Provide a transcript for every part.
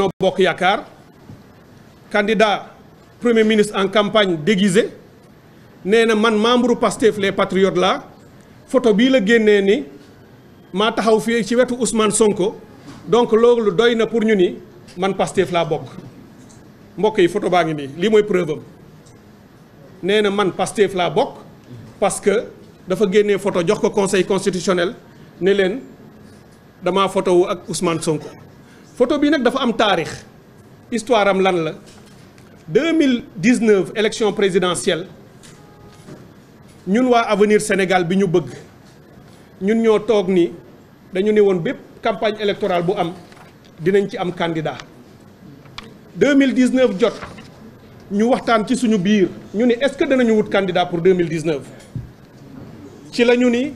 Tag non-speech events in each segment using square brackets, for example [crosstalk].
no Bokk candidat premier ministre en campagne déguisé nee man membre Pastef les patriotes là. photo bii la ni ma taxaw fii ci Ousmane Sonko donc loolu doy na pour ñu man Pastef la bok. Mbok yi photo baa ngi preuve am man Pastef la bok, parce que dafa génnee photo jox ko conseil constitutionnel ne leen photo ou ak Ousmane Sonko photo bi nak dafa am histoire am lan la 2019 élection présidentielle ñun wa avenir Sénégal bi ñu bëgg ñun ñoo tok ni dañu campagne électorale pour am dinañ ci candidat 2019 nous avons waxtaan ci suñu biir ñu ni est-ce que dañu wut candidat pour 2019 ci la ni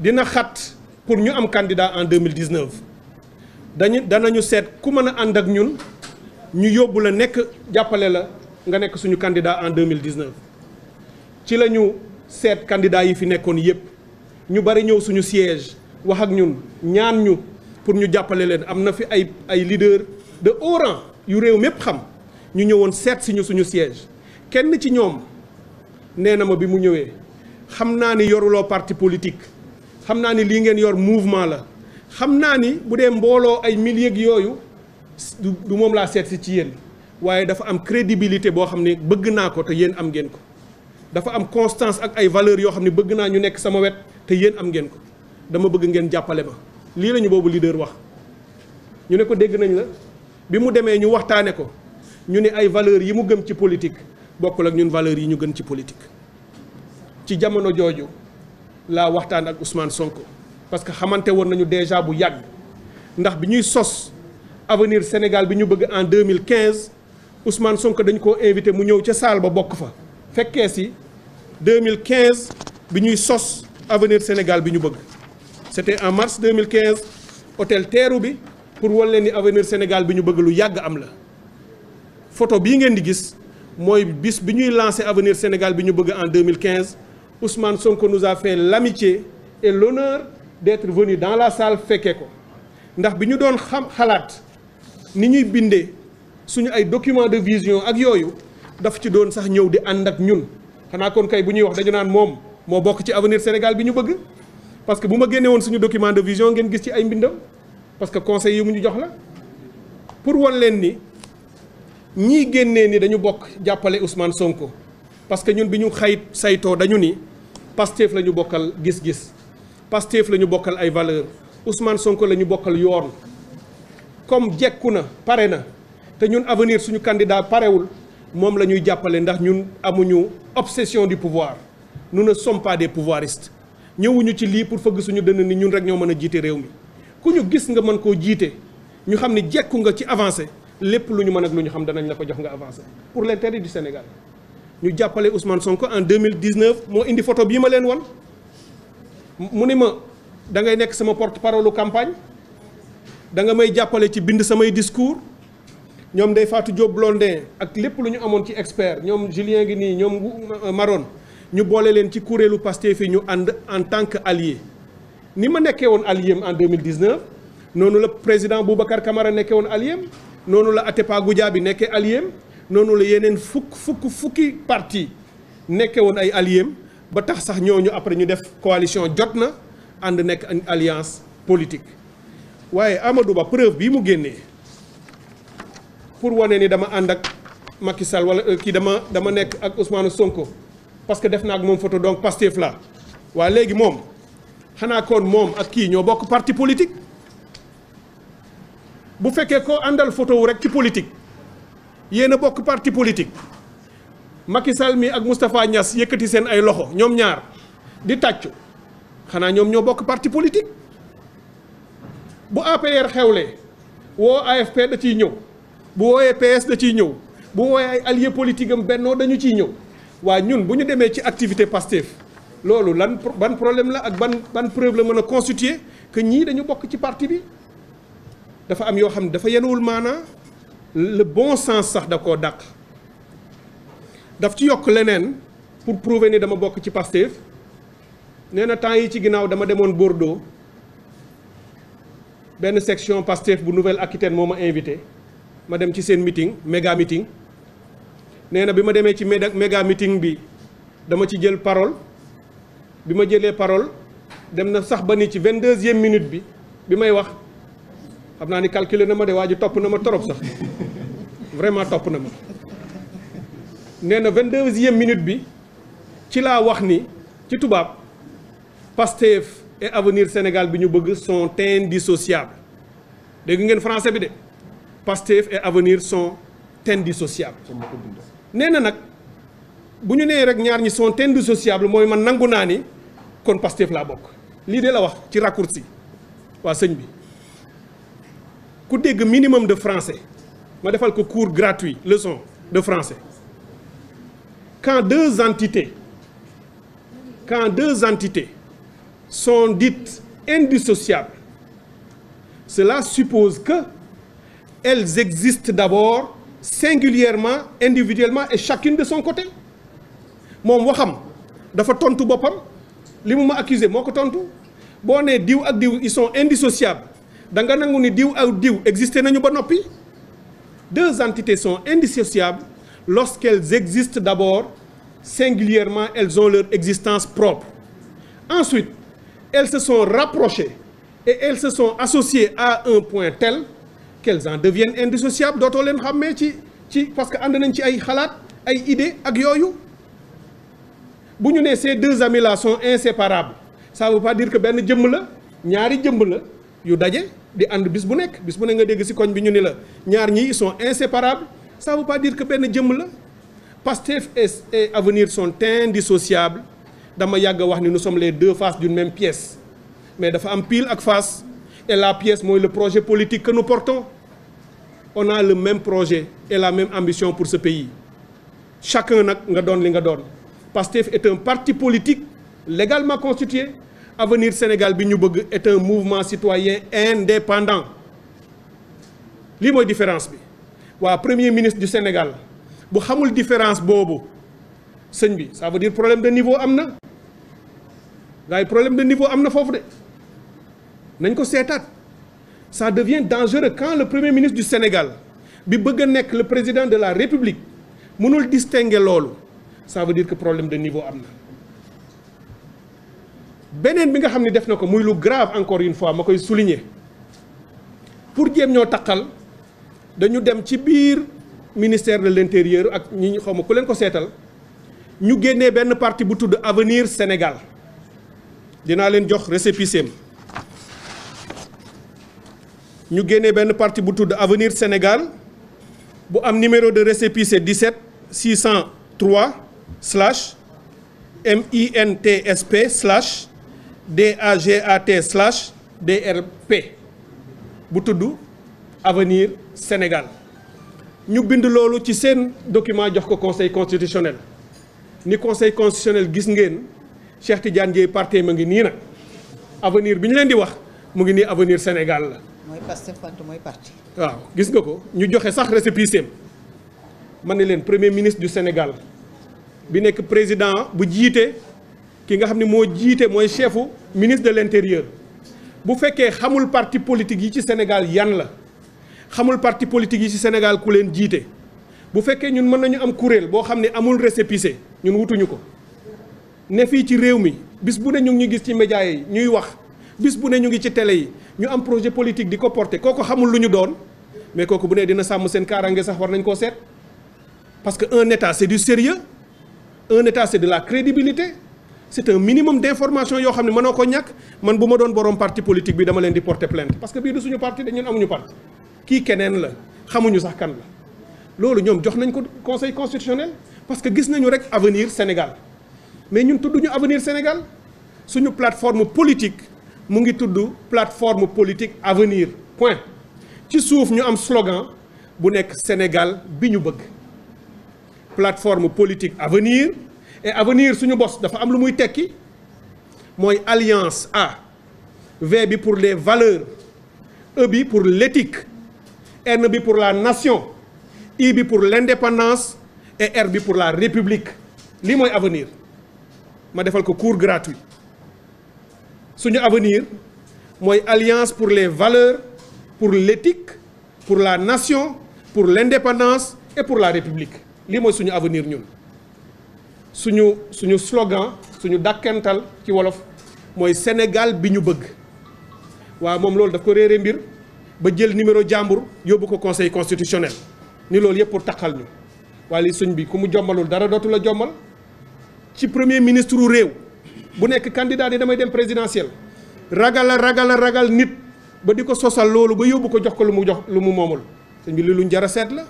dina xat pour ñu am candidat en 2019 dañu danañu seet ku mën a ànd ak ñun ñu yóbbu la nekk jàppale la nga nekk suñu candidat en 2019 ci lañu ñu seet candidat yi fi nekkoon yépp ñu bari ñëw suñu siège wax ak ñun ñaan ñu pour ñu jàppale leen am na fi ay ay leader de haut yu réew mépp xam ñu ñëwoon seet si suñu siège kenn ci ñoom nee na ma bi mu ñëwee xam naa ni yoruloo parti politique xam naa ni lii ngeen yor mouvement la xam naa ni bu dee mbooloo ay milliers yooyu du moom laa seet si ci yéen waaye dafa am crédibilité boo xam ne bëgg naa ko te yéen am ngeen ko dafa am constance ak ay valeurs yoo xam ne bëgg naa ñu nekk sama wet te yéen am ngeen ko dama bëgg ngeen jàppale ma lii lañu ñu boobu leader wax ñu ne ko dégg nañ la bi mu demee ñu waxtaane ko ñu ne ay valeurs yi mu gëm ci politique bokkul ak ñun valeurs yi ñu gën ci politique ci jamono jooju laa waxtaan ak Ousmane Sonko parce que xamanté nous nañu déjà bu yagg ndax biñuy sos avenir Sénégal biñu bëgg en 2015 Ousmane Sonko dañ ko invité mu ñëw à salle ba bokk fa fekké si 2015 biñuy sos avenir Sénégal biñu bëgg c'était en mars 2015 hôtel terre bi pour wan ni avenir Sénégal biñu bëgg lu am la photo que ngeen di gis moy bis biñuy lancé lancé avenir Sénégal en 2015 Ousmane Sonko nous a fait l'amitié et l'honneur d'être venu dans la salle Fekeko. ko ndax bi ñu doon xam xalaat ni ñuy bindee suñu ay document de vision ak yooyu daf ci doon sax ñëw di ànd ak ñun xanaa kon kay bu ñuy wax dañu naan moom mo bok ci avenir Sénégal bi ñu bëgg parce que buma ma génne suñu document de vision ngeen gis ci ay mbindam parce que conseil yu mu ñu jox la pour won len ni ñi génnee ni dañu bok jàppale Ousmane Sonko parce que ñun biñu ñu xayit saytoo dañu ni Pastef lañu bokal gis-gis Pastef lañu ñu bokkal ay valeur Ousmane Sonko lañu ñu bokkal yoon comme jekku na pare na te ñun avenir suñu candidat parewul moom la ñuy jàppale ndax ñun amuñu obsession du pouvoir nous ne sommes pas des pouvoiristes ñëwuñu ci lii pour fëgg suñu dënn ni ñun rek ñoo mën a jiite réew mi ku ñu gis nga mën koo jiite ñu xam ne jekku nga ci avancé lépp lu ñu mën ak lu ñu xam danañ la ko jox nga avancé pour l'intérêt du Sénégal ñu jàppale Ousmane Sonko en 2019 moo indi photo bii ma leen won mu ni ma da ngay nekk sama porte parole campagne danga may jàppale ci bind samay discours ñoom day Fatou Diop Blondin ak lépp lu ñu amoon ci expert ñoom Julien ngi nii ñoom euh, Maron ñu boole leen ci kuréelu Pastef fi ñu ànd en tant que allié ni ma nekkee woon allié en 2019 noonu la président Boubacar Camara nekkee woon allié noonu la Atepa bi nekkee allié noonu la yeneen fukk fukk fukki parti nekkee woon ay allié ba tax sax ñooñu après ñu def coalition jot na ànd nekk alliance politique waaye Amadou Ba preuve bii mu génnee pour wane ni dama ànd ak Macky Sall wala euh, kii dama dama nekk ak Ousmane Sonko parce que def naa ak moom photo donc Pastef la waa léegi moom xanaa kon moom ak kii ñoo bokk parti politique bu fekkee ko àndal photo wu rek ci politique yéen a bokk parti politique Macky Sall mi ak Moustapha Niass yëkkati seen ay loxo ñoom ñaar di tàccu xanaa ñoom ñoo bokk parti politique bu APR xewlee woo AFP da ciy ñëw bu wooyee PS da ciy ñëw bu wooyee ay alliés politique am bennoo dañu ciy ñëw waa ñun bu ñu demee ci activité Pastef loolu lan ban problème la ak ban ban preuve la mën a constituer que ñii dañu bokk ci parti bi dafa am yoo xam ne dafa yenewul maana le bon sens sax da koo dàq. daf ci yokk leneen pour prouver ni dama bokk ci Pastef nee na temps yi ci ginnaaw dama demoon Bordeaux benn section Pastef bu Nouvelle-Aquitaine moo ma invité ma dem ci seen mitin mégamitin meeting nee na bi ma demee ci méga meeting bi dama ci jël parole bi ma jëlee parole dem na sax ba ni ci vingt deuxième minute bi bi may wax xam naa ni calculer na ma de waa ji topp na ma torop sax vraiment topp na ma nee na 22 deuxième minute bi ci laa wax ni ci tubaab Pastef et avenir Sénégal bi sont indissociables dégg ngeen français bi de Pastef et avenir sont indissociables nee na nag bu ñu nee rek ñaar ñi sont indissociables mooy man nangu naa ni kon Pastef laa bokk lii de la wax ci raccourci waa sëñ bi ku minimum de français ma defal ko cours gratuit leçon de français quand deux entités, quand deux entités sont dites indissociables, cela suppose que elles existent d'abord singulièrement, individuellement et chacune de son côté. Mon waxam dafa tontu bopam, li ma accusé moo ko tontu boo accusé. diou, ak diw ils sont indissociables dans nga cas ni diou ak existent deux entités sont indissociables lorsqu'elles existent d'abord, singulièrement, elles ont leur existence propre. Ensuite, elles se sont rapprochées et elles se sont associées à un point tel qu'elles en deviennent indissociables D'autres on parce que ont des idées ces deux amis là sont inséparables ça veut pas dire que ben nyari la ñaari Les la yu daje bis ils sont inséparables ça ne veut pas dire que Pastef et Avenir sont indissociables Dans nous sommes les deux faces d'une même pièce mais dafa pile face et la pièce est le projet politique que nous portons on a le même projet et la même ambition pour ce pays chacun a nga donne li Pastef est un parti politique légalement constitué Avenir Sénégal est un mouvement citoyen indépendant C'est la différence un premier ministre du Sénégal bu xamul différence Bobo, différence... ça veut dire problème de niveau il y a un problème de niveau amna... faut ça devient dangereux quand le premier ministre du Sénégal le président de la République le distinguer loolu ça veut dire que problème de niveau amna... Benen bi nga xamni def c'est muy grave encore une fois que souligner pour jéem ñoo takal nous dañu dem ci biir ministère de l'intérieur ak ñi ñu xaw ma ku leen ko seetal ñu génnee benn parti bu tudd avenir Sénégal dinaa leen jox récépissé am ñu génnee benn parti bu tudd avenir Sénégal bu numéro de récépissé 17 603 slash MINTSP slash DAGAT slash DRP bu tudd avenir Sénégal Nous avons loolu document du conseil constitutionnel Le conseil constitutionnel gis chef Cheikh parti avenir vous avenir Sénégal la. suis passé pour parti. waaw gis nga ko ñu joxe sax premier ministre du Sénégal bi président bu ki nga ministre de l'intérieur que parti politique du Sénégal Yann xamul parti politique yi ci Sénégal ku leen jité bu féké ñun mëna ñu am courriel bo xamné amul récépissé ñun wutuñu ko né fi ci réew mi bis bu né ñu ngi gis ci média yi ñuy wax bis bu né ñu ngi ci télé yi ñu am projet politique di porter koko xamul luñu doon mais koko bu né dina sam sen karangé sax war nañ ko sét parce que un état c'est du sérieux un état c'est de la crédibilité c'est un minimum d'information yo xamné mëno ko ñak man buma doon borom parti politique bi dama leen di porter plainte parce que bi du suñu parti dañu amuñu parti Qui kenen la xamuñu sax kan la lolu ñom jox nañ ko conseil constitutionnel parce que nous nañu rek avenir Sénégal mais ñun tudduñu avenir Sénégal suñu plateforme politique mu ngi une plateforme politique avenir point ci suuf ñu am slogan bu Sénégal bi plateforme politique avenir et avenir suñu boss dafa am lu muy alliance A V pour les valeurs E pour l'éthique N pour la nation I pour l'indépendance et R pour la république C'est mon avenir ma defal un cours gratuit suñu avenir une alliance pour les valeurs pour l'éthique pour la nation pour l'indépendance et pour la république C'est mon avenir ñun suñu suñu slogan suñu dàkkental ci wolof Moi, Sénégal bi Wa bëgg waaw moom daf ba jël numéro jambour yobou ko conseil constitutionnel ni loolu yëpp pour takal ñu waaye suñ bi ku mu jombalul dara dotu la jommal ci premier ministre u réew bu nek candidat di damay dem présidentiel ragal ragal ragal nit ba diko ko sosal loolu ba yobou ko jox ko lu mu jox lu mu momul suñ bi li luñ jar set la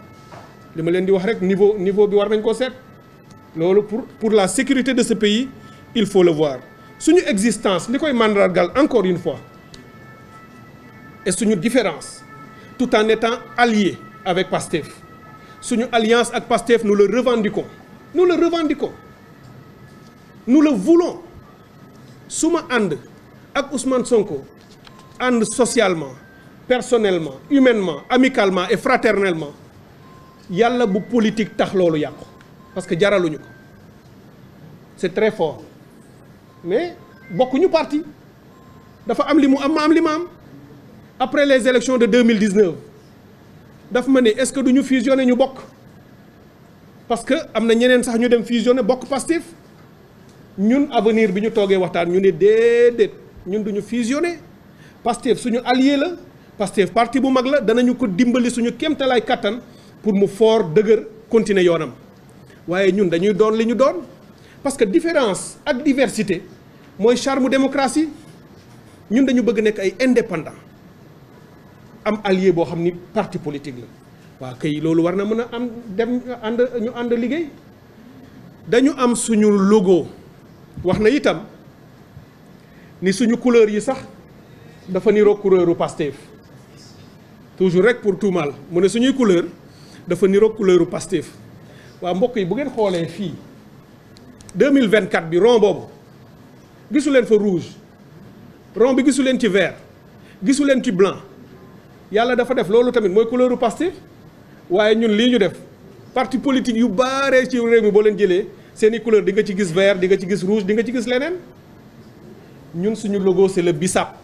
li ma leen di wax rek niveau niveau bi war nañ ko set lolou pour pour la sécurité de ce pays il faut le voir suñu existence li koy encore une fois et une différence tout en étant alliés avec PASTEF une alliance avec PASTEF nous le revendiquons nous le revendiquons nous le voulons Sous ma avec avec Ousmane Sonko ande socialement personnellement humainement amicalement et fraternellement a bu politique tax loolu parce que jaraluñu c'est très fort mais beaucoup parti dafa am limu am ma après les élections de 2019 est-ce que nous fusionnons fusionner ñu parce que Pastif, na sax ñu dem fusionner bokk avenir bi ñu nous ñu nous ñun nous suñu allié la parti bu la ko pour mu fort continuer yoram. nous ñun dañuy doon parce que différence et diversité moy charme démocratie la dañu bëgg ay indépendant am allier boo xam ni parti politique la waaw kay loolu war na mën a am dem ànd ñu ànd liggéey dañu am suñu logo wax na itam ni suñu couleur yi sax dafa niroo couleuru Pastef toujours rek pour tuumaal mu ne suñuy couleur dafa niroo couleuru Pastef waa mbokk yi bu ngeen xoolee fii 2024 bi rond boobu gisu leen fa rouge rond bi gisu leen ci vert gisu leen ci blanc yalla dafa def loolu tamit moy couleuru Pastef waye ñun li ñu def parti politique yu bare ci réew mi bo leen C'est couleur di nga ci gis vert di nga ci rouge di nga ci gis Nous, ñun suñu logo c'est le bissap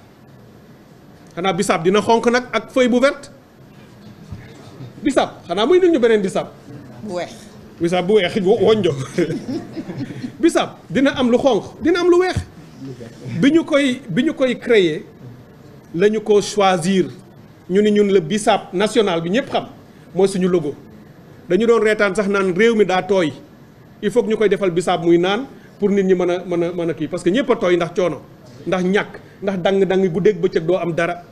xana bissap dina xonk nak ak feuille bu verte bissap xana muy ñu benen bissap bu bu [laughs] bissap dina am lu dina am lu koy créer choisir ñu ni ñun le bisaab national bi ñepp xam moy suñu logo dañu doon reetaan sax nan réew mi daa tooy il faut que ñu koy defal bisaab muy nan pour nit ñi mën a mën a parce que ñepp toy ndax choono ndax ñak ndax dang-dang bu guddeeg bëcëk do am dara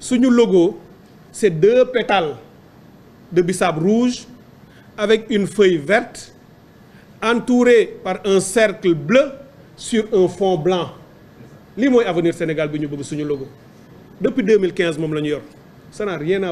suñu logo c'est deux pétales de bisaab rouge avec une feuille verte entouré par un cercle bleu sur un fond blanc li moy avenir Sénégal bi ñu bëgg suñu logo depuis 2015 moom la ñu yor ça n'a